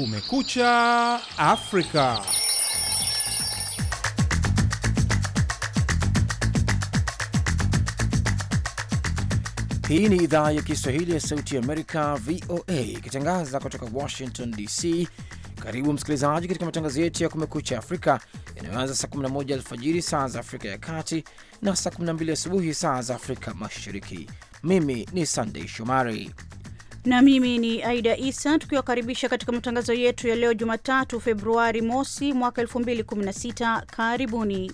Kumekucha Afrika. Hii ni idhaa ya Kiswahili ya Sauti ya Amerika, VOA, ikitangaza kutoka Washington DC. Karibu msikilizaji katika matangazo yetu ya Kumekucha Afrika yanayoanza saa 11 alfajiri saa za Afrika ya Kati na saa 12 asubuhi saa za Afrika Mashariki. Mimi ni Sandei Shomari na mimi ni Aida Isa tukiwakaribisha katika matangazo yetu ya leo Jumatatu Februari mosi mwaka 216 Karibuni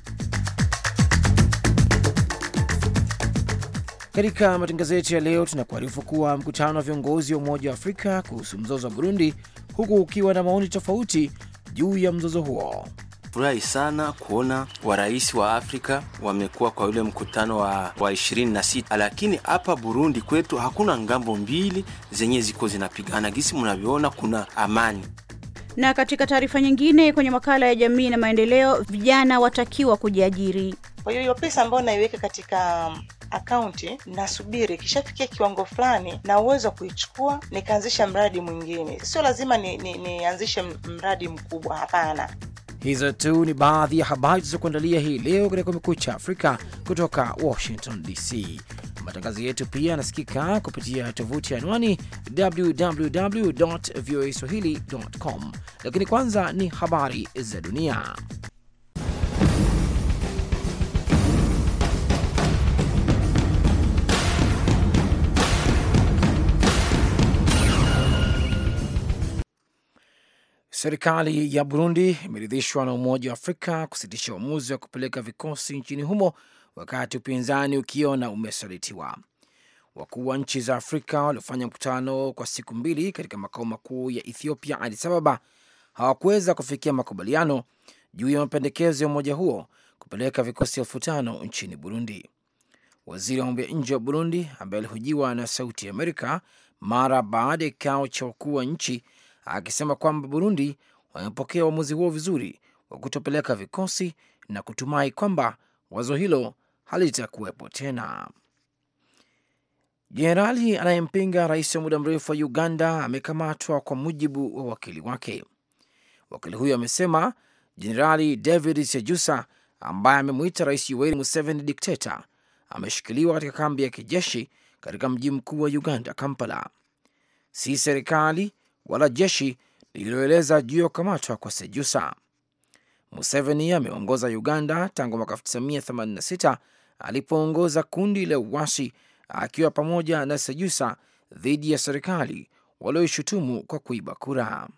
katika matangazo yetu ya leo. Tunakuarifu kuwa mkutano wa viongozi wa Umoja wa Afrika kuhusu mzozo wa Burundi, huku ukiwa na maoni tofauti juu ya mzozo huo. Furahi sana kuona warais wa Afrika wamekuwa kwa yule mkutano wa, wa 26 lakini hapa Burundi kwetu hakuna ngambo mbili zenye ziko zinapigana, gisi mnavyoona kuna amani. Na katika taarifa nyingine kwenye makala ya jamii na maendeleo, vijana watakiwa kujiajiri. Kwa hiyo hiyo pesa ambayo naiweka katika um, akaunti nasubiri ikishafikia kiwango fulani na uwezo wa kuichukua nikaanzisha mradi mwingine. Sio lazima nianzishe ni, ni mradi mkubwa, hapana. Hizo tu ni baadhi ya habari zilizokuandalia hii leo katika Kumekucha Afrika kutoka Washington DC. Matangazo yetu pia yanasikika kupitia tovuti ya anwani www voa lakini kwanza ni habari za dunia. Serikali ya Burundi imeridhishwa na Umoja wa Afrika kusitisha uamuzi wa kupeleka vikosi nchini humo wakati upinzani ukiona umesalitiwa. Wakuu wa nchi za Afrika waliofanya mkutano kwa siku mbili katika makao makuu ya Ethiopia, Addis Ababa, hawakuweza kufikia makubaliano juu ya mapendekezo ya umoja huo kupeleka vikosi elfu tano nchini Burundi. Waziri wa mambo ya nje wa Burundi, ambaye alihojiwa na Sauti ya Amerika mara baada ya kikao cha wakuu wa nchi akisema kwamba Burundi wamepokea uamuzi huo vizuri wa kutopeleka vikosi na kutumai kwamba wazo hilo halitakuwepo tena. Jenerali anayempinga rais wa muda mrefu wa Uganda amekamatwa kwa mujibu wa wakili wake. Wakili huyo amesema Jenerali David Sejusa ambaye amemwita rais Yoweri Museveni dikteta ameshikiliwa katika kambi ya kijeshi katika mji mkuu wa Uganda, Kampala. Si serikali wala jeshi lililoeleza juu ya kukamatwa kwa Sejusa. Museveni ameongoza Uganda tangu mwaka 1986 alipoongoza kundi la uasi akiwa pamoja na Sejusa dhidi ya serikali walioishutumu kwa kuiba kura.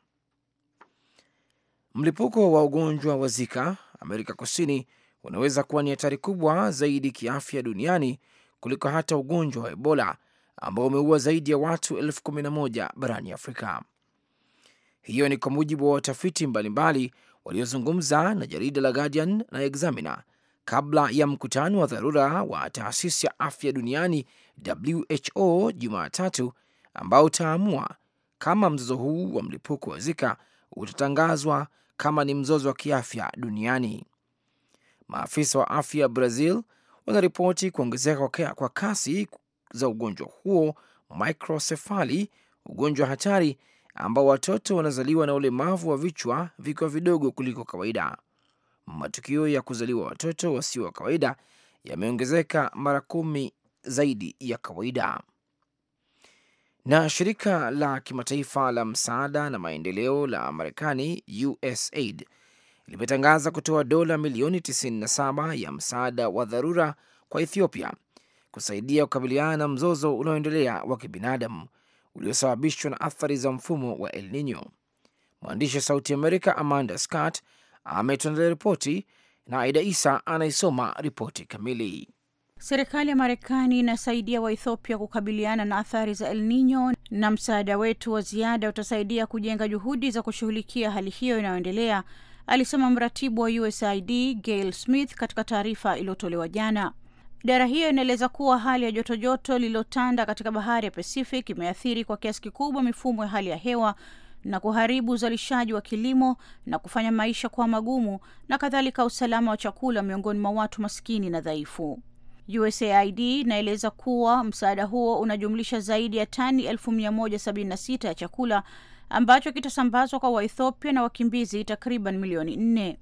Mlipuko wa ugonjwa wa Zika Amerika Kusini unaweza kuwa ni hatari kubwa zaidi kiafya duniani kuliko hata ugonjwa wa Ebola ambao umeua zaidi ya watu elfu kumi na moja barani Afrika. Hiyo ni kwa mujibu wa watafiti mbalimbali waliozungumza na jarida la Guardian na Examiner kabla ya mkutano wa dharura wa taasisi ya afya duniani WHO Jumatatu, ambao utaamua kama mzozo huu wa mlipuko wa Zika utatangazwa kama ni mzozo wa kiafya duniani. Maafisa wa afya ya Brazil wanaripoti kuongezeka kwa kasi za ugonjwa huo microcefali, ugonjwa hatari ambao watoto wanazaliwa na ulemavu wa vichwa vikiwa vidogo kuliko kawaida. Matukio ya kuzaliwa watoto wasio wa kawaida yameongezeka mara kumi zaidi ya kawaida. Na shirika la kimataifa la msaada na maendeleo la Marekani, USAID, limetangaza kutoa dola milioni 97 ya msaada wa dharura kwa Ethiopia kusaidia kukabiliana na mzozo unaoendelea wa kibinadamu uliosababishwa na athari za mfumo wa El Nino. Mwandishi wa Sauti Amerika Amanda Scott ametuandalia ripoti na Aida Isa anaisoma ripoti kamili. Serikali ya Marekani inasaidia Waethiopia kukabiliana na athari za El Nino na msaada wetu wa ziada utasaidia kujenga juhudi za kushughulikia hali hiyo inayoendelea, alisema mratibu wa USAID Gail Smith katika taarifa iliyotolewa jana. Idara hiyo inaeleza kuwa hali ya jotojoto lililotanda katika bahari ya Pacific imeathiri kwa kiasi kikubwa mifumo ya hali ya hewa na kuharibu uzalishaji wa kilimo na kufanya maisha kuwa magumu na kadhalika usalama wa chakula miongoni mwa watu maskini na dhaifu. USAID inaeleza kuwa msaada huo unajumlisha zaidi ya tani 1176 ya chakula ambacho kitasambazwa kwa Waethiopia na wakimbizi takriban milioni nne.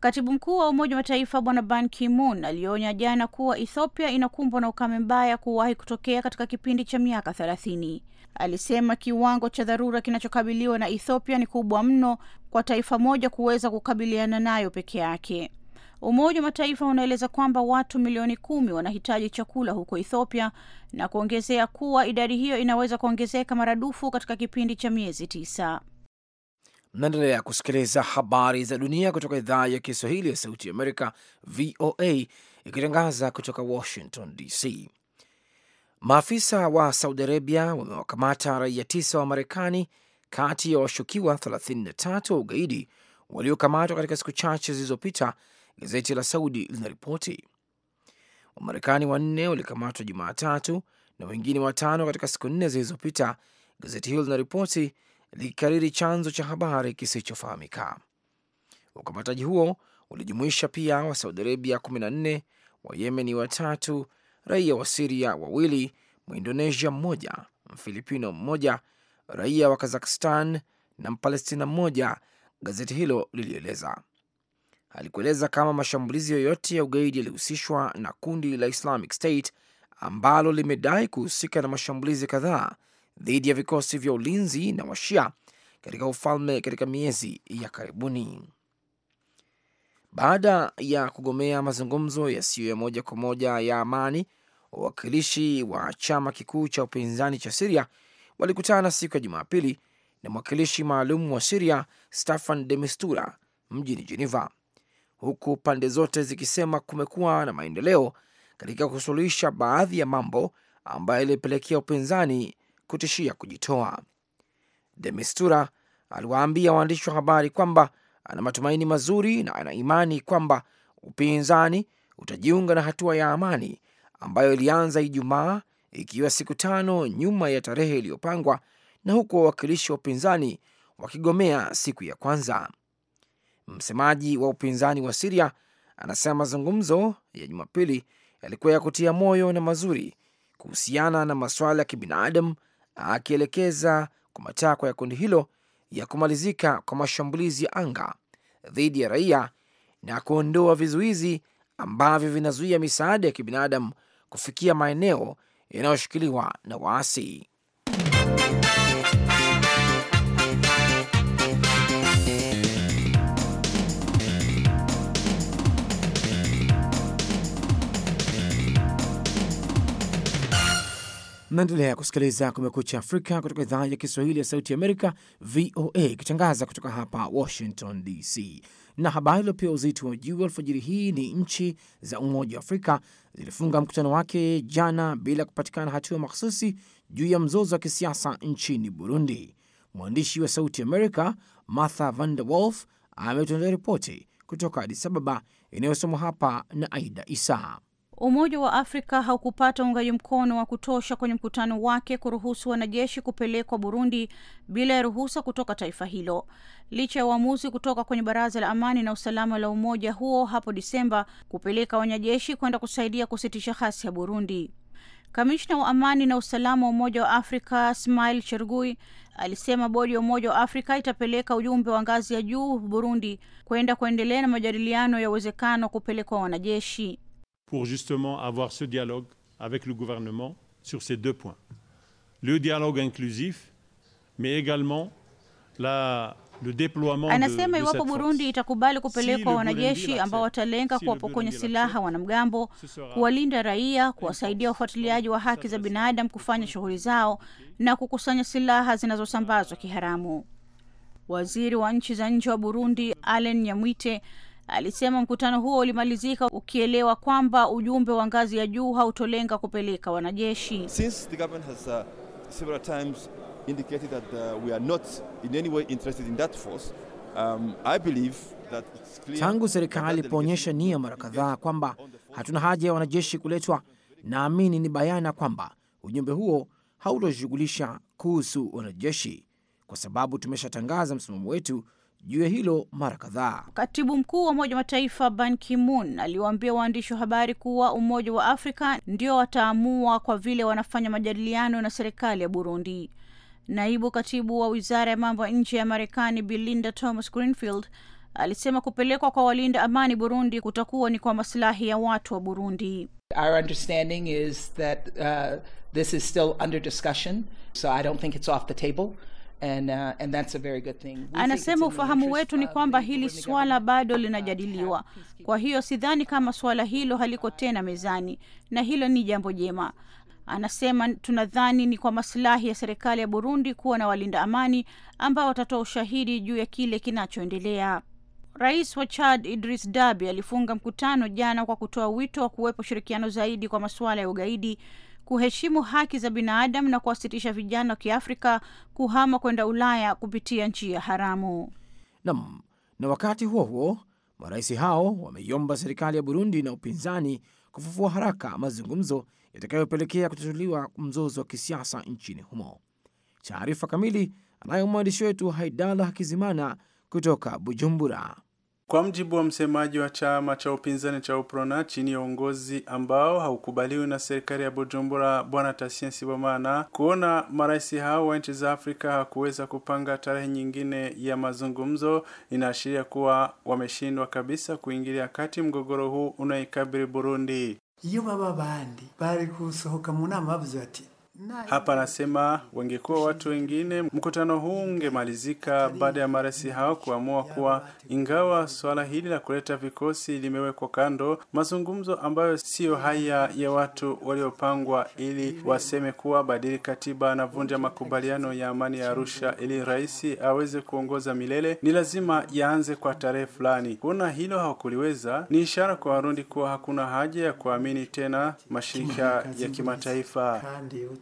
Katibu mkuu wa Umoja wa Mataifa Bwana Ban Ki-moon alionya jana kuwa Ethiopia inakumbwa na ukame mbaya kuwahi kutokea katika kipindi cha miaka thelathini. Alisema kiwango cha dharura kinachokabiliwa na Ethiopia ni kubwa mno kwa taifa moja kuweza kukabiliana nayo peke yake. Umoja wa Mataifa unaeleza kwamba watu milioni kumi wanahitaji chakula huko Ethiopia na kuongezea kuwa idadi hiyo inaweza kuongezeka maradufu katika kipindi cha miezi tisa. Mnaendelea kusikiliza habari za dunia kutoka idhaa ya Kiswahili ya Sauti ya Amerika, VOA, ikitangaza kutoka Washington DC. Maafisa wa Saudi Arabia wamewakamata raia tisa wa Marekani kati ya washukiwa 33 wa ugaidi waliokamatwa katika siku chache zilizopita, gazeti la Saudi linaripoti. Wamarekani wanne walikamatwa Jumatatu na wengine watano katika siku nne zilizopita, gazeti hilo linaripoti likikariri chanzo cha habari kisichofahamika. Ukamataji huo ulijumuisha pia wa Saudi Arabia 14, wa Yemeni watatu, raia wa Siria wawili, Mwaindonesia mmoja, Mfilipino mmoja, raia wa Kazakhstan na Mpalestina mmoja, gazeti hilo lilieleza. alikueleza kama mashambulizi yoyote ya ugaidi yalihusishwa na kundi la Islamic State ambalo limedai kuhusika na mashambulizi kadhaa dhidi ya vikosi vya ulinzi na washia katika ufalme katika miezi ya karibuni. Baada ya kugomea mazungumzo yasiyo ya moja kwa moja ya amani, wawakilishi wa chama kikuu cha upinzani cha Siria walikutana siku ya Jumapili na mwakilishi maalum wa Siria Staffan de Mistura mjini Geneva, huku pande zote zikisema kumekuwa na maendeleo katika kusuluhisha baadhi ya mambo ambayo ilipelekea upinzani kutishia kujitoa. De Mistura aliwaambia waandishi wa habari kwamba ana matumaini mazuri na ana imani kwamba upinzani utajiunga na hatua ya amani ambayo ilianza Ijumaa, ikiwa siku tano nyuma ya tarehe iliyopangwa, na huku wawakilishi wa upinzani wakigomea siku ya kwanza. Msemaji wa upinzani wa Siria anasema mazungumzo ya Jumapili yalikuwa ya kutia moyo na mazuri kuhusiana na masuala ya kibinadamu akielekeza kwa matakwa ya kundi hilo ya kumalizika kwa mashambulizi ya anga dhidi ya raia na kuondoa vizuizi ambavyo vinazuia misaada ya kibinadamu kufikia maeneo yanayoshikiliwa na waasi. Mnaendelea kusikiliza Kumekucha Afrika kutoka idhaa ya Kiswahili ya Sauti Amerika, VOA, ikitangaza kutoka hapa Washington DC. Na habari iliyopewa uzito wa juu alfajiri hii ni nchi za Umoja wa Afrika zilifunga mkutano wake jana bila kupatikana hatua mahususi juu ya mzozo wa kisiasa nchini Burundi. Mwandishi wa Sauti Amerika Martha Van der Wolf ametuandalia ripoti kutoka Adis Ababa inayosomwa hapa na Aida Isa. Umoja wa Afrika haukupata uungaji mkono wa kutosha kwenye mkutano wake kuruhusu wanajeshi kupelekwa Burundi bila ya ruhusa kutoka taifa hilo, licha ya uamuzi kutoka kwenye Baraza la Amani na Usalama la umoja huo hapo Disemba kupeleka wanajeshi kwenda kusaidia kusitisha hasi ya Burundi. Kamishna wa amani na usalama wa Umoja wa Afrika Smail Chergui alisema bodi ya Umoja wa Afrika itapeleka ujumbe wa ngazi ya juu Burundi kwenda kuendelea na majadiliano ya uwezekano wa kupelekwa wanajeshi pour justement avoir ce dialogue avec le gouvernement sur ces deux points. Le dialogue inclusif, mais également la Anasema iwapo Burundi itakubali kupelekwa si wanajeshi ambao watalenga si kuwapokonya silaha wanamgambo, kuwalinda raia, kuwasaidia wafuatiliaji wa haki za binadamu kufanya shughuli zao na kukusanya silaha zinazosambazwa kiharamu. Waziri wa nchi za nje wa Burundi Allen Nyamwite alisema mkutano huo ulimalizika ukielewa kwamba ujumbe wa ngazi ya juu hautolenga kupeleka wanajeshi. Since the government has, uh, several times indicated that uh, we are not in any way interested in that force, um, I believe that it's clear. Tangu serikali ilipoonyesha nia mara kadhaa kwamba hatuna haja ya wanajeshi kuletwa, naamini ni bayana kwamba ujumbe huo hautoshughulisha kuhusu wanajeshi, kwa sababu tumeshatangaza msimamo wetu juu ya hilo mara kadhaa. Katibu mkuu wa Umoja wa Mataifa Ban Ki-moon aliwaambia waandishi wa habari kuwa Umoja wa Afrika ndio wataamua kwa vile wanafanya majadiliano na serikali ya Burundi. Naibu katibu wa wizara ya mambo ya nje ya Marekani Belinda Thomas Greenfield alisema kupelekwa kwa walinda amani Burundi kutakuwa ni kwa masilahi ya watu wa Burundi. Our understanding is that, uh, this is still under discussion, so I don't think it's off the table. And, uh, and that's a very good thing. Anasema ufahamu wetu ni kwamba hili swala bado linajadiliwa, kwa hiyo sidhani kama swala hilo haliko tena mezani, na hilo ni jambo jema. Anasema tunadhani ni kwa masilahi ya serikali ya Burundi kuwa na walinda amani ambao watatoa ushahidi juu ya kile kinachoendelea. Rais wa Chad Idris Dabi alifunga mkutano jana kwa kutoa wito wa kuwepo ushirikiano zaidi kwa masuala ya ugaidi kuheshimu haki za binadamu na kuwasitisha vijana wa Kiafrika kuhama kwenda Ulaya kupitia njia haramu. Nam, na wakati huo huo marais hao wameiomba serikali ya Burundi na upinzani kufufua haraka mazungumzo yatakayopelekea kutatuliwa mzozo wa kisiasa nchini humo. Taarifa kamili anayo mwandishi wetu Haidala Hakizimana kutoka Bujumbura. Kwa mjibu wa msemaji wa chama cha upinzani cha UPRONA chini ya uongozi ambao haukubaliwi na serikali ya Bujumbura, bwana Tasien Sibomana, kuona marais hao wa nchi za Afrika hakuweza kupanga tarehe nyingine ya mazungumzo inaashiria kuwa wameshindwa kabisa kuingilia kati mgogoro huu unaikabili Burundi. Iyo baba bandi bari kusohoka mu nama bavuze bati hapa anasema wangekuwa watu wengine, mkutano huu ungemalizika baada ya marais hao kuamua kuwa ingawa suala hili la kuleta vikosi limewekwa kando, mazungumzo ambayo siyo haya ya watu waliopangwa ili waseme kuwa badili katiba na vunja makubaliano ya amani ya Arusha ili rais aweze kuongoza milele, ni lazima yaanze kwa tarehe fulani. Kuona hilo hawakuliweza ni ishara kwa Warundi kuwa hakuna haja ya kuamini tena mashirika ya kimataifa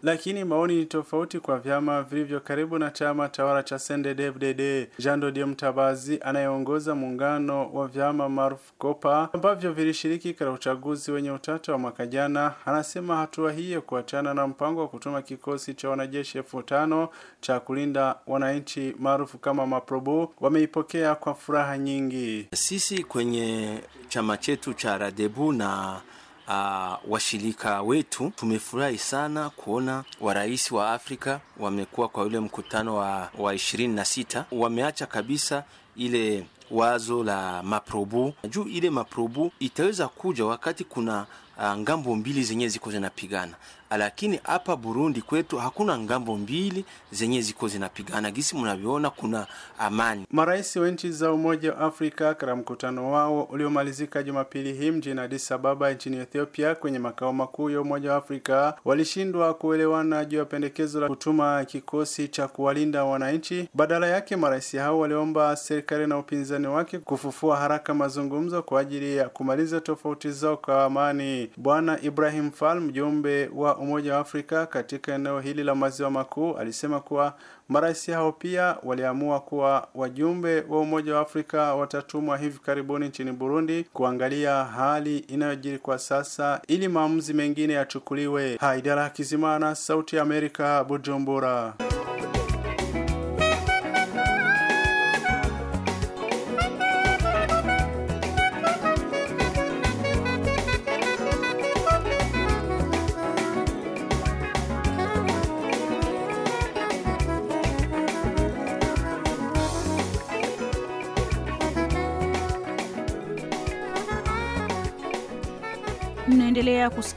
lakini maoni ni tofauti kwa vyama vilivyo karibu na chama tawala cha CNDD-FDD. Jean Dodier Mtabazi anayeongoza muungano wa vyama maarufu Kopa ambavyo vilishiriki katika uchaguzi wenye utata wa mwaka jana, anasema hatua hii ya kuachana na mpango wa kutuma kikosi cha wanajeshi elfu tano cha kulinda wananchi maarufu kama maprobu wameipokea kwa furaha nyingi. Sisi kwenye chama chetu cha Radebu na uh, ah, washirika wetu tumefurahi sana kuona warais wa Afrika wamekuwa kwa ule mkutano wa, wa ishirini na sita wameacha kabisa ile wazo la maprobu juu ile maprobu itaweza kuja wakati kuna uh, ngambo mbili zenyewe ziko zinapigana lakini hapa Burundi kwetu hakuna ngambo mbili zenye ziko zinapigana, gisi mnavyoona kuna amani. Marais wa nchi za Umoja wa Afrika katika mkutano wao uliomalizika Jumapili hii mjini Addis Ababa nchini Ethiopia kwenye makao makuu ya Umoja wa Afrika walishindwa kuelewana juu ya pendekezo la kutuma kikosi cha kuwalinda wananchi. Badala yake, marais hao waliomba serikali na upinzani wake kufufua haraka mazungumzo kwa ajili ya kumaliza tofauti zao kwa amani. Bwana Ibrahim Fall, mjumbe wa Umoja wa Afrika katika eneo hili la maziwa makuu alisema kuwa marais hao pia waliamua kuwa wajumbe wa Umoja wa Afrika watatumwa hivi karibuni nchini Burundi kuangalia hali inayojiri kwa sasa ili maamuzi mengine yachukuliwe. Haidara Kizimana, Sauti ya Amerika, Bujumbura.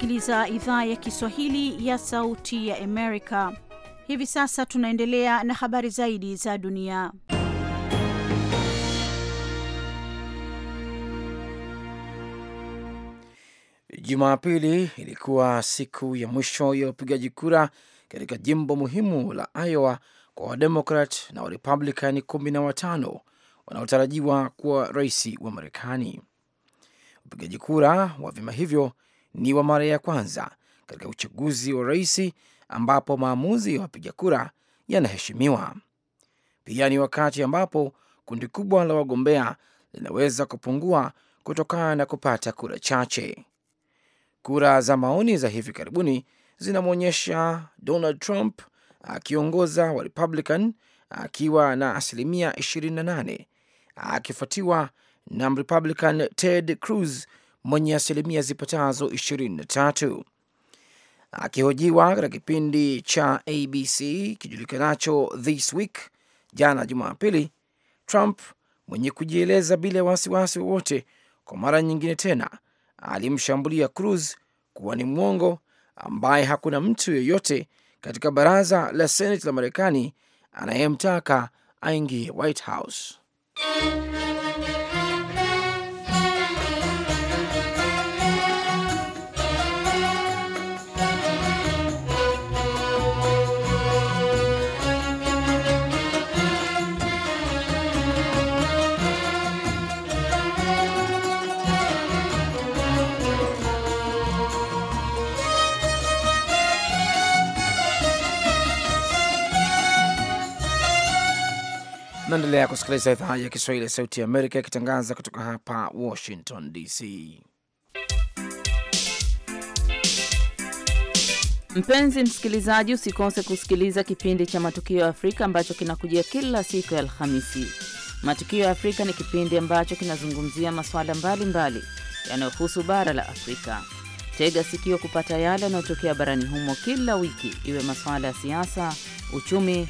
unasikiliza idhaa ya Kiswahili ya Sauti ya Amerika. Hivi sasa tunaendelea na habari zaidi za dunia. Jumapili ilikuwa siku ya mwisho ya upigaji kura katika jimbo muhimu la Iowa kwa Wademokrat na Warepublican kumi na watano wanaotarajiwa kuwa rais wa Marekani. Upigaji kura wa vyama hivyo ni wa mara ya kwanza katika uchaguzi wa rais ambapo maamuzi ya wapiga kura yanaheshimiwa. Pia ni wakati ambapo kundi kubwa la wagombea linaweza kupungua kutokana na kupata kura chache. Kura za maoni za hivi karibuni zinamwonyesha Donald Trump akiongoza wa Republican akiwa na asilimia 28 akifuatiwa na Republican Ted Cruz mwenye asilimia zipatazo 23. Akihojiwa katika kipindi cha ABC kijulikanacho This Week jana Jumapili, Trump mwenye kujieleza bila wasiwasi wowote, kwa mara nyingine tena alimshambulia Cruz kuwa ni mwongo ambaye hakuna mtu yeyote katika baraza la seneti la Marekani anayemtaka aingie White House. Naendelea kusikiliza idhaa ya Kiswahili ya Sauti ya Amerika ikitangaza kutoka hapa Washington DC. Mpenzi msikilizaji, usikose kusikiliza kipindi cha Matukio ya Afrika ambacho kinakujia kila siku ya Alhamisi. Matukio ya Afrika ni kipindi ambacho kinazungumzia masuala mbalimbali yanayohusu bara la Afrika. Tega sikio kupata yale yanayotokea barani humo kila wiki, iwe masuala ya siasa, uchumi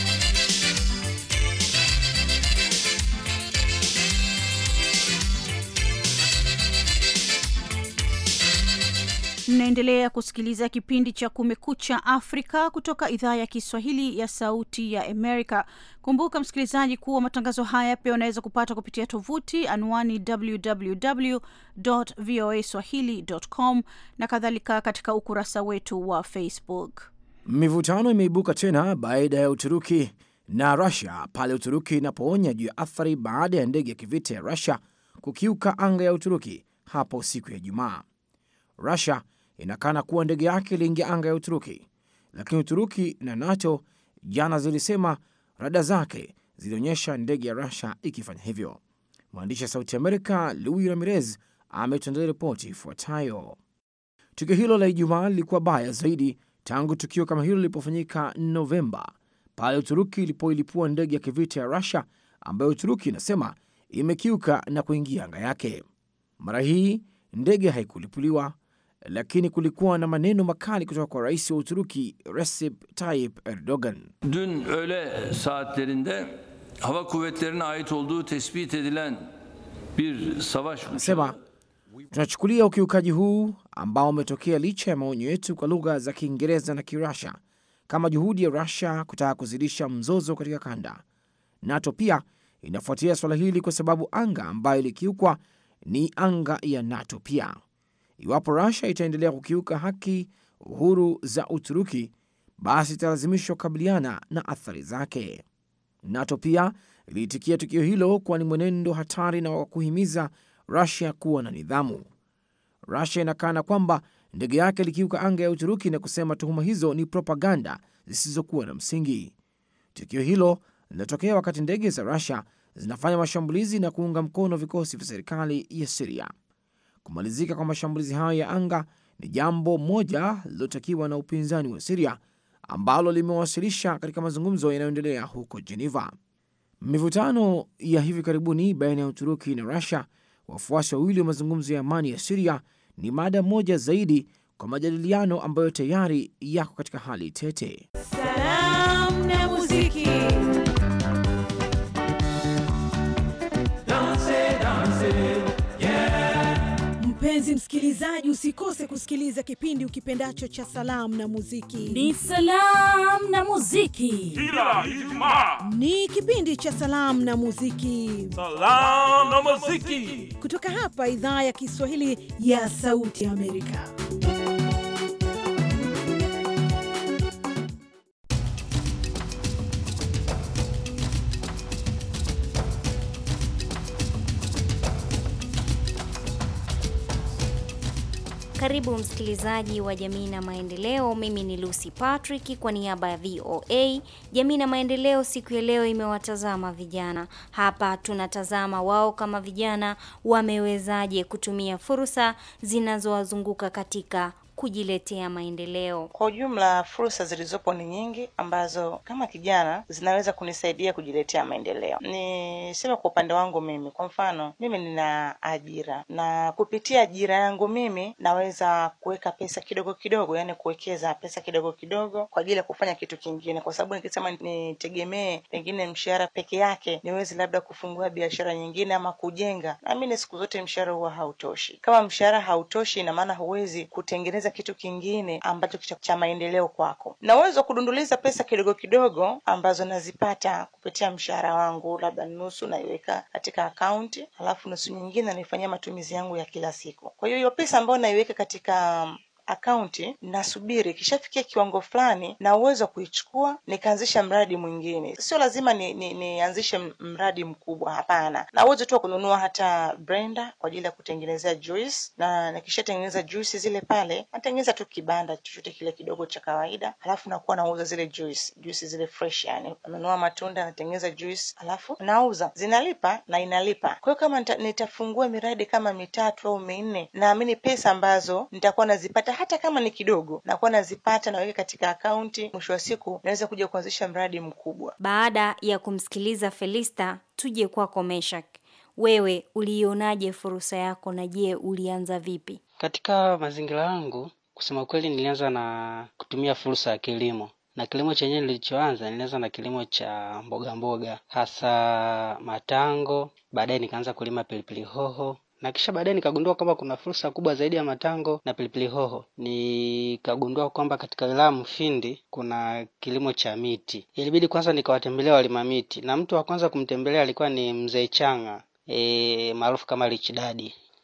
Mnaendelea kusikiliza kipindi cha Kumekucha Afrika kutoka idhaa ya Kiswahili ya Sauti ya Amerika. Kumbuka msikilizaji, kuwa matangazo haya pia unaweza kupata kupitia tovuti anwani www.voaswahili.com na kadhalika katika ukurasa wetu wa Facebook. Mivutano imeibuka tena baada ya Uturuki na Rusia pale Uturuki inapoonya juu ya athari baada ya ndege ya kivita ya Rusia kukiuka anga ya Uturuki hapo siku ya Ijumaa. Rusia inakana kuwa ndege yake iliingia anga ya Uturuki, lakini Uturuki na NATO jana zilisema rada zake zilionyesha ndege ya Rusia ikifanya hivyo. Mwandishi wa Sauti Amerika Luis Ramirez ametuandalia ripoti ifuatayo. Tukio hilo la Ijumaa lilikuwa baya zaidi tangu tukio kama hilo lilipofanyika Novemba, pale Uturuki ilipoilipua ndege ya kivita ya Rusia ambayo Uturuki inasema imekiuka na kuingia anga yake. Mara hii ndege haikulipuliwa lakini kulikuwa na maneno makali kutoka kwa rais wa Uturuki Recep Tayyip Erdogan. dun öğle saatlerinde hava kuvvetlerine ait olduğu tespit edilen bir savaş uçağı Tunachukulia ukiukaji huu ambao umetokea licha ya maonyo yetu kwa lugha za Kiingereza na Kirusia kama juhudi ya Rusia kutaka kuzidisha mzozo katika kanda. NATO pia inafuatilia swala hili kwa sababu anga ambayo ilikiukwa ni anga ya NATO pia. Iwapo Russia itaendelea kukiuka haki uhuru za Uturuki, basi italazimishwa kukabiliana na athari zake. NATO pia iliitikia tukio hilo kuwa ni mwenendo hatari na wa kuhimiza Rusia kuwa na nidhamu. Rusia inakana kwamba ndege yake ilikiuka anga ya Uturuki na kusema tuhuma hizo ni propaganda zisizokuwa na msingi. Tukio hilo linatokea wakati ndege za Rusia zinafanya mashambulizi na kuunga mkono vikosi vya serikali ya Siria. Kumalizika kwa mashambulizi hayo ya anga ni jambo moja lililotakiwa na upinzani wa Siria ambalo limewasilisha katika mazungumzo yanayoendelea huko Geneva. Mivutano ya hivi karibuni baina ya Uturuki na Rusia, wafuasi wawili wa mazungumzo ya amani ya Siria, ni mada moja zaidi kwa majadiliano ambayo tayari yako katika hali tete. Salamu na muziki. Mpenzi msikilizaji, usikose kusikiliza kipindi ukipendacho cha salamu na muziki. Ni salamu na muziki kila Ijumaa, ni kipindi cha salamu na muziki, salamu na muziki, kutoka hapa idhaa ya Kiswahili ya Sauti Amerika. Karibu msikilizaji wa Jamii na Maendeleo. Mimi ni Lucy Patrick kwa niaba ya VOA Jamii na Maendeleo. Siku ya leo imewatazama vijana. Hapa tunatazama wao kama vijana wamewezaje kutumia fursa zinazowazunguka katika kujiletea maendeleo. Kwa ujumla, fursa zilizopo ni nyingi ambazo kama kijana zinaweza kunisaidia kujiletea maendeleo. niseme kwa upande wangu mimi, kwa mfano mimi nina ajira na kupitia ajira yangu mimi naweza kuweka pesa kidogo kidogo, yani kuwekeza pesa kidogo kidogo kwa ajili ya kufanya kitu kingine, kwa sababu nikisema nitegemee pengine mshahara peke yake, niwezi labda kufungua biashara nyingine ama kujenga, naamini siku zote mshahara huwa hautoshi. Kama mshahara hautoshi, ina maana huwezi kutengeneza kitu kingine ambacho cha maendeleo kwako. Na uwezo wa kudunduliza pesa kidogo kidogo ambazo nazipata kupitia mshahara wangu, labda nusu naiweka katika akaunti, alafu nusu nyingine naifanyia matumizi yangu ya kila siku. Kwa hiyo hiyo pesa ambayo naiweka katika akaunti nasubiri ikishafikia kiwango fulani na uwezo wa kuichukua nikaanzisha mradi mwingine. Sio lazima nianzishe ni, ni mradi mkubwa, hapana. na uwezo tu wa kununua hata brenda kwa ajili ya kutengenezea juice, na nikishatengeneza juice zile pale natengeneza tu kibanda chochote kile kidogo cha kawaida, alafu nakuwa nauza zile juice juice zile fresh, yani nanunua matunda natengeneza juice halafu nauza, zinalipa na inalipa. Kwa hiyo kama nita, nitafungua miradi kama mitatu au minne, naamini pesa ambazo nitakuwa nazipata napata hata kama ni kidogo, nakuwa nazipata, naweka katika akaunti, mwisho wa siku naweza kuja kuanzisha mradi mkubwa. Baada ya kumsikiliza Felista, tuje kwako Meshak. Wewe uliionaje fursa yako na je, ulianza vipi? Katika mazingira yangu, kusema kweli, nilianza na kutumia fursa ya kilimo na kilimo chenyewe nilichoanza, nilianza na kilimo cha mboga mboga, hasa matango. Baadaye nikaanza kulima pilipili hoho, na kisha baadaye nikagundua kwamba kuna fursa kubwa zaidi ya matango na pilipili hoho. Nikagundua kwamba katika wilaya Mfindi kuna kilimo cha miti. Ilibidi kwanza nikawatembelea walima miti, na mtu wa kwanza kumtembelea alikuwa ni mzee Changa e, maarufu kama Rich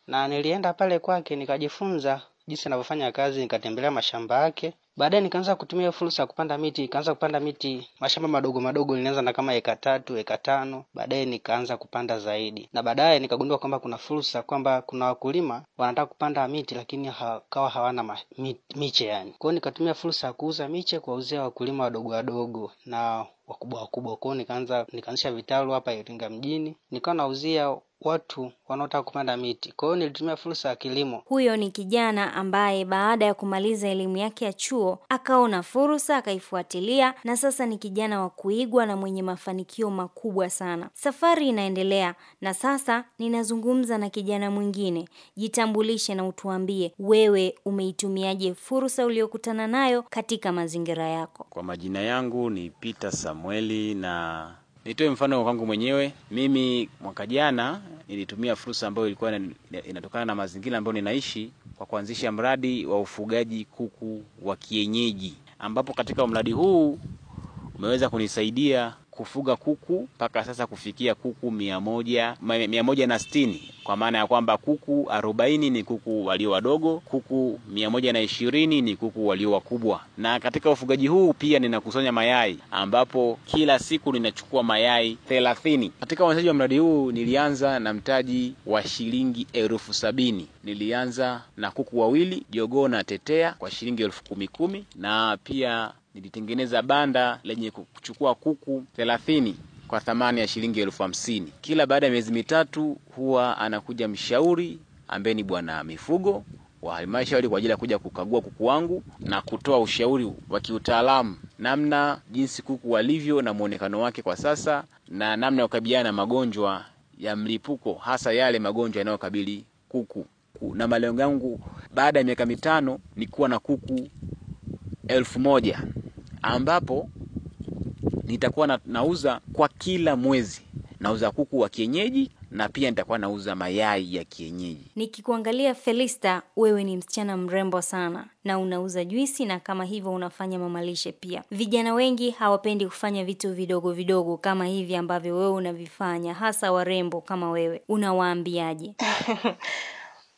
na nilienda pale kwake nikajifunza jinsi anavyofanya kazi, nikatembelea mashamba yake Baadaye nikaanza kutumia fursa ya kupanda miti, nikaanza kupanda miti mashamba madogo madogo, nilianza na kama eka tatu, eka tano, baadaye nikaanza kupanda zaidi, na baadaye nikagundua kwamba kuna fursa kwamba kuna wakulima wanataka kupanda miti lakini hawakawa hawana ma, mi, miche yani. Kwa hiyo nikatumia fursa ya kuuza miche, kuwauzia wakulima wadogo wadogo na wakubwa wakubwa kwao, nikaanza nikaanzisha vitalu hapa Iringa mjini, nikawa nauzia watu wanaotaka kupanda miti. Kwa hiyo nilitumia fursa ya kilimo. Huyo ni kijana ambaye baada ya kumaliza elimu yake ya chuo akaona fursa akaifuatilia, na sasa ni kijana wa kuigwa na mwenye mafanikio makubwa sana. Safari inaendelea, na sasa ninazungumza na kijana mwingine. Jitambulishe na utuambie wewe umeitumiaje fursa uliyokutana nayo katika mazingira yako. Kwa majina yangu ni Peter Samueli na Nitoe mfano kwangu mwenyewe. Mimi mwaka jana nilitumia fursa ambayo ilikuwa inatokana na mazingira ambayo ninaishi kwa kuanzisha mradi wa ufugaji kuku wa kienyeji, ambapo katika mradi huu umeweza kunisaidia kufuga kuku mpaka sasa kufikia kuku mia moja, mia moja na sitini kwa maana ya kwamba kuku arobaini ni kuku walio wadogo, kuku mia moja na ishirini ni kuku walio wakubwa. Na katika ufugaji huu pia ninakusanya mayai ambapo kila siku ninachukua mayai thelathini. Katika uanzaji wa mradi huu nilianza na mtaji wa shilingi elfu sabini. Nilianza na kuku wawili jogoo na tetea kwa shilingi elfu kumi kumi na pia nilitengeneza banda lenye kuchukua kuku thelathini kwa thamani ya shilingi elfu hamsini. Kila baada ya miezi mitatu huwa anakuja mshauri ambaye ni bwana mifugo wa halmashauri kwa ajili ya kuja kukagua kuku wangu na kutoa ushauri wa kiutaalamu namna jinsi kuku walivyo na mwonekano wake kwa sasa na namna ya kukabiliana na magonjwa ya mlipuko hasa yale magonjwa yanayokabili kuku. Na malengo yangu baada ya miaka mitano ni kuwa na kuku elfu moja ambapo nitakuwa na, nauza kwa kila mwezi nauza kuku wa kienyeji na pia nitakuwa nauza mayai ya kienyeji. Nikikuangalia Felista, wewe ni msichana mrembo sana na unauza juisi na kama hivyo unafanya mamalishe pia. Vijana wengi hawapendi kufanya vitu vidogo vidogo kama hivi ambavyo wewe unavifanya, hasa warembo kama wewe, unawaambiaje?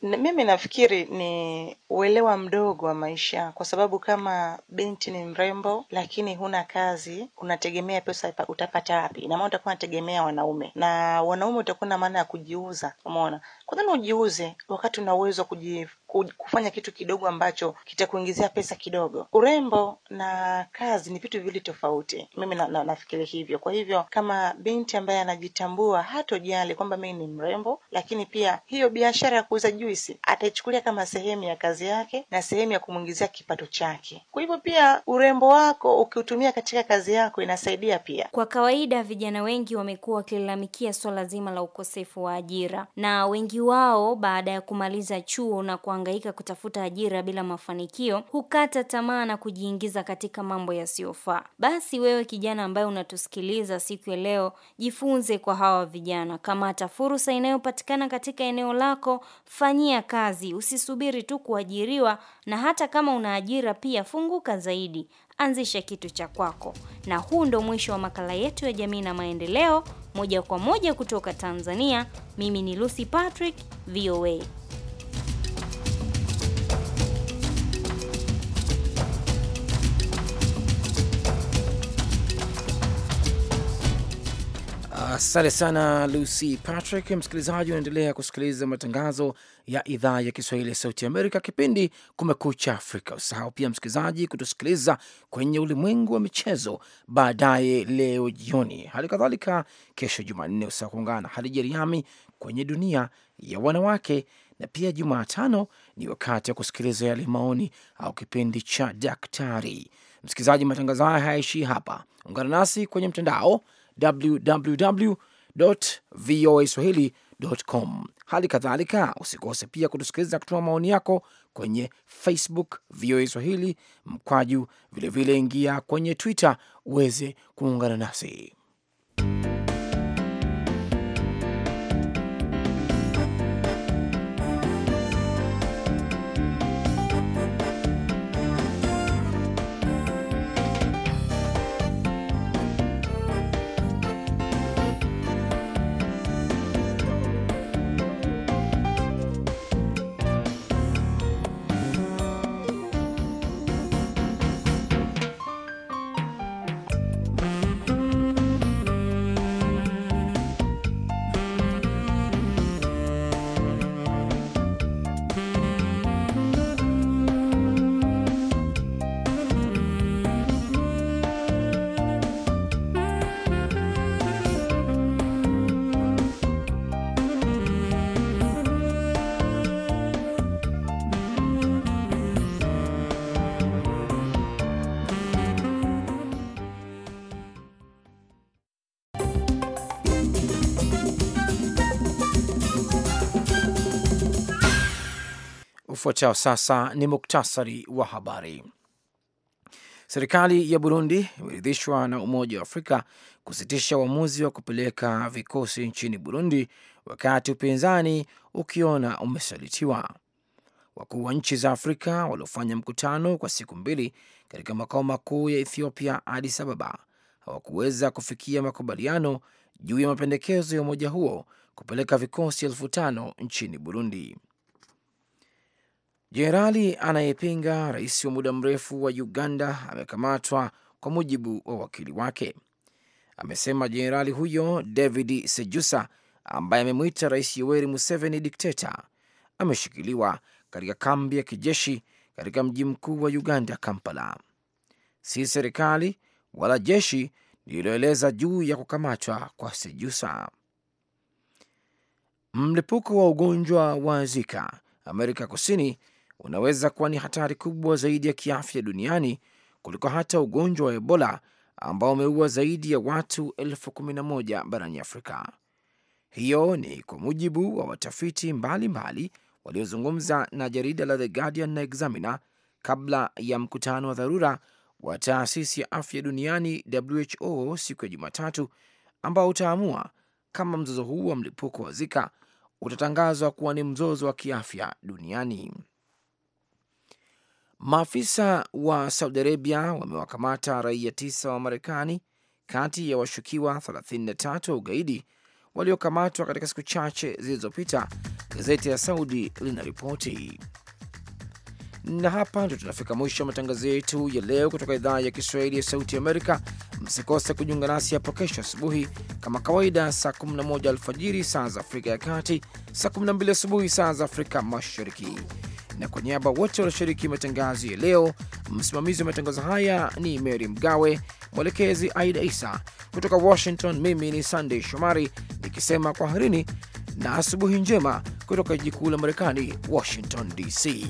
Mimi nafikiri ni uelewa mdogo wa maisha, kwa sababu kama binti ni mrembo lakini huna kazi, unategemea pesa utapata wapi? na maana utakuwa unategemea wanaume, na wanaume utakuwa na maana ya kujiuza. Umeona, kwa nini ujiuze wakati una uwezo wa kuji kufanya kitu kidogo ambacho kitakuingizia pesa kidogo. Urembo na kazi ni vitu viwili tofauti, mimi na, na, nafikiri hivyo. Kwa hivyo kama binti ambaye anajitambua hatojali kwamba mimi ni mrembo, lakini pia hiyo biashara ya kuuza juisi ataichukulia kama sehemu ya kazi yake na sehemu ya kumwingizia kipato chake. Kwa hivyo pia urembo wako ukiutumia katika kazi yako inasaidia pia. Kwa kawaida vijana wengi wamekuwa wakilalamikia swala zima la ukosefu wa ajira, na wengi wao baada ya kumaliza chuo na kwa kuhangaika kutafuta ajira bila mafanikio hukata tamaa na kujiingiza katika mambo yasiyofaa. Basi wewe kijana ambaye unatusikiliza siku ya leo, jifunze kwa hawa vijana, kamata fursa inayopatikana katika eneo lako, fanyia kazi, usisubiri tu kuajiriwa, na hata kama una ajira pia funguka zaidi, anzisha kitu cha kwako. Na huu ndo mwisho wa makala yetu ya jamii na maendeleo, moja kwa moja kutoka Tanzania. Mimi ni Lucy Patrick, VOA. Asante sana Lucy Patrick. Msikilizaji, unaendelea kusikiliza matangazo ya idhaa ya Kiswahili ya Sauti Amerika, kipindi Kumekucha Afrika. Usahau pia msikilizaji kutusikiliza kwenye ulimwengu wa michezo baadaye leo jioni, hali kadhalika kesho Jumanne. Usahau kuungana na Hadija Riami kwenye dunia ya wanawake, na pia Jumatano ni wakati wa kusikiliza yale maoni au kipindi cha daktari. Msikilizaji, matangazo haya hayaishii hapa, ungana nasi kwenye mtandao www voa swahilicom. Hali kadhalika usikose pia kutusikiliza, kutuma maoni yako kwenye Facebook VOA Swahili mkwaju, vilevile ingia kwenye Twitter uweze kuungana nasi. Ufuatao sasa ni muktasari wa habari. Serikali ya Burundi imeridhishwa na Umoja wa Afrika kusitisha uamuzi wa kupeleka vikosi nchini Burundi, wakati upinzani ukiona umesalitiwa. Wakuu wa nchi za Afrika waliofanya mkutano kwa siku mbili katika makao makuu ya Ethiopia, Addis Ababa, hawakuweza kufikia makubaliano juu ya mapendekezo ya umoja huo kupeleka vikosi elfu tano nchini Burundi. Jenerali anayepinga rais wa muda mrefu wa Uganda amekamatwa, kwa mujibu wa wakili wake. Amesema jenerali huyo David Sejusa, ambaye amemwita rais Yoweri Museveni dikteta, ameshikiliwa katika kambi ya kijeshi katika mji mkuu wa Uganda, Kampala. Si serikali wala jeshi lililoeleza juu ya kukamatwa kwa Sejusa. Mlipuko wa ugonjwa wa Zika Amerika Kusini unaweza kuwa ni hatari kubwa zaidi ya kiafya duniani kuliko hata ugonjwa wa Ebola ambao umeua zaidi ya watu elfu kumi na moja barani Afrika. Hiyo ni kwa mujibu wa watafiti mbalimbali waliozungumza na jarida la The Guardian na Examiner kabla ya mkutano wa dharura wa taasisi ya afya duniani WHO siku ya Jumatatu, ambao utaamua kama mzozo huu wa mlipuko wa Zika utatangazwa kuwa ni mzozo wa kiafya duniani. Maafisa wa Saudi Arabia wamewakamata raia tisa wa Marekani kati ya washukiwa 33 wa ugaidi waliokamatwa katika siku chache zilizopita, gazeti ya Saudi linaripoti. Na hapa ndio tunafika mwisho wa matangazo yetu ya leo kutoka idhaa ya Kiswahili ya Sauti Amerika. Msikose kujiunga nasi hapo kesho asubuhi kama kawaida, saa 11 alfajiri saa za Afrika ya Kati, saa 12 asubuhi saa za Afrika Mashariki na kwa niaba wote walioshiriki matangazo ya leo, msimamizi wa matangazo haya ni Mary Mgawe, mwelekezi Aida Isa kutoka Washington. Mimi ni Sandey Shomari nikisema kwaherini na asubuhi njema kutoka jiji kuu la Marekani, Washington DC.